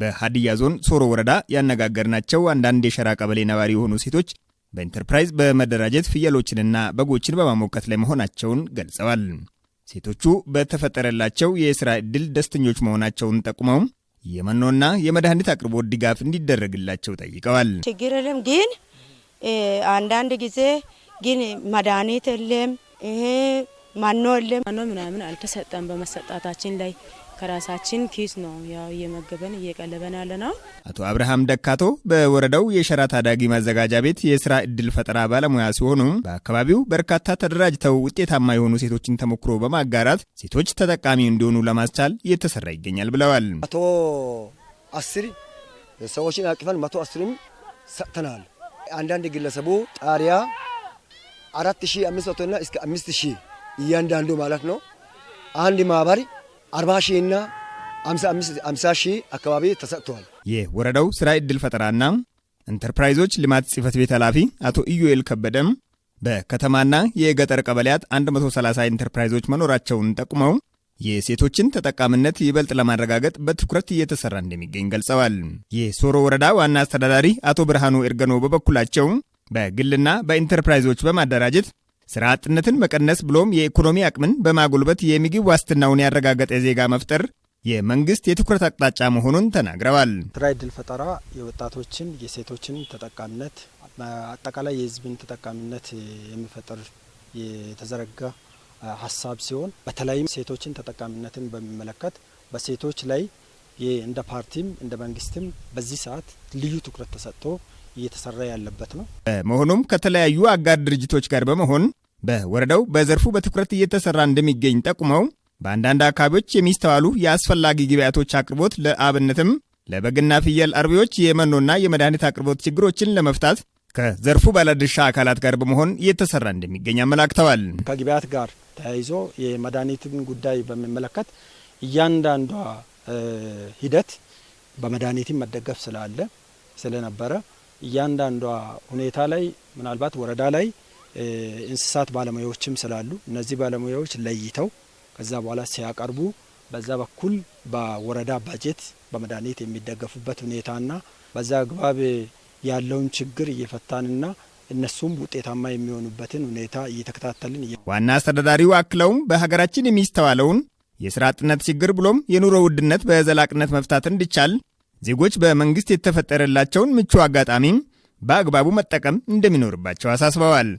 በሀዲያ ዞን ሶሮ ወረዳ ያነጋገርናቸው አንዳንድ የሸራ ቀበሌ ነዋሪ የሆኑ ሴቶች በኢንተርፕራይዝ በመደራጀት ፍየሎችንና በጎችን በማሞከት ላይ መሆናቸውን ገልጸዋል። ሴቶቹ በተፈጠረላቸው የስራ ዕድል ደስተኞች መሆናቸውን ጠቁመው የመኖና የመድኃኒት አቅርቦት ድጋፍ እንዲደረግላቸው ጠይቀዋል። ችግር የለም ግን አንዳንድ ጊዜ ግን መድኃኒት የለም ማኖ የለም ማኖ ምናምን አልተሰጠም። በመሰጣታችን ላይ ከራሳችን ኪስ ነው ያው እየመገበን እየቀለበን ያለ ነው። አቶ አብርሃም ደካቶ በወረዳው የሸራ ታዳጊ ማዘጋጃ ቤት የስራ እድል ፈጠራ ባለሙያ ሲሆኑ በአካባቢው በርካታ ተደራጅተው ውጤታማ የሆኑ ሴቶችን ተሞክሮ በማጋራት ሴቶች ተጠቃሚ እንዲሆኑ ለማስቻል እየተሰራ ይገኛል ብለዋል። መቶ አስር ሰዎችን አቅፈን መቶ አስርም ሰጥተናል። አንዳንድ ግለሰቡ ጣሪያ አራት ሺህ አምስት መቶና እስከ አምስት ሺህ እያንዳንዱ ማለት ነው አንድ ማህበር አርባ ሺህና አምሳ ሺህ አካባቢ ተሰጥተዋል። የወረዳው ስራ ዕድል ፈጠራና ኢንተርፕራይዞች ልማት ጽህፈት ቤት ኃላፊ አቶ ኢዩኤል ከበደም በከተማና የገጠር ቀበሌያት 130 ኢንተርፕራይዞች መኖራቸውን ጠቁመው የሴቶችን ተጠቃሚነት ይበልጥ ለማረጋገጥ በትኩረት እየተሰራ እንደሚገኝ ገልጸዋል። የሶሮ ወረዳ ዋና አስተዳዳሪ አቶ ብርሃኑ ኤርገኖ በበኩላቸው በግልና በኢንተርፕራይዞች በማደራጀት ስራ አጥነትን መቀነስ ብሎም የኢኮኖሚ አቅምን በማጎልበት የምግብ ዋስትናውን ያረጋገጠ ዜጋ መፍጠር የመንግስት የትኩረት አቅጣጫ መሆኑን ተናግረዋል። ስራ እድል ፈጠራ የወጣቶችን የሴቶችን ተጠቃሚነት አጠቃላይ የህዝብን ተጠቃሚነት የሚፈጥር የተዘረጋ ሀሳብ ሲሆን በተለይም ሴቶችን ተጠቃሚነትን በሚመለከት በሴቶች ላይ እንደ ፓርቲም እንደ መንግስትም በዚህ ሰዓት ልዩ ትኩረት ተሰጥቶ እየተሰራ ያለበት ነው። በመሆኑም ከተለያዩ አጋር ድርጅቶች ጋር በመሆን በወረዳው በዘርፉ በትኩረት እየተሰራ እንደሚገኝ ጠቁመው በአንዳንድ አካባቢዎች የሚስተዋሉ የአስፈላጊ ግብዓቶች አቅርቦት ለአብነትም ለበግና ፍየል አርቢዎች የመኖና የመድኃኒት አቅርቦት ችግሮችን ለመፍታት ከዘርፉ ባለድርሻ አካላት ጋር በመሆን እየተሰራ እንደሚገኝ አመላክተዋል። ከግብዓት ጋር ተያይዞ የመድኃኒትን ጉዳይ በሚመለከት እያንዳንዷ ሂደት በመድኃኒትም መደገፍ ስላለ ስለነበረ እያንዳንዷ ሁኔታ ላይ ምናልባት ወረዳ ላይ እንስሳት ባለሙያዎችም ስላሉ እነዚህ ባለሙያዎች ለይተው ከዛ በኋላ ሲያቀርቡ በዛ በኩል በወረዳ ባጀት በመድኃኒት የሚደገፉበት ሁኔታና በዛ አግባብ ያለውን ችግር እየፈታንና እነሱም ውጤታማ የሚሆኑበትን ሁኔታ እየተከታተልን ዋና አስተዳዳሪው አክለውም በሀገራችን የሚስተዋለውን የሥራ አጥነት ችግር ብሎም የኑሮ ውድነት በዘላቅነት መፍታት እንዲቻል ዜጎች በመንግሥት የተፈጠረላቸውን ምቹ አጋጣሚም በአግባቡ መጠቀም እንደሚኖርባቸው አሳስበዋል።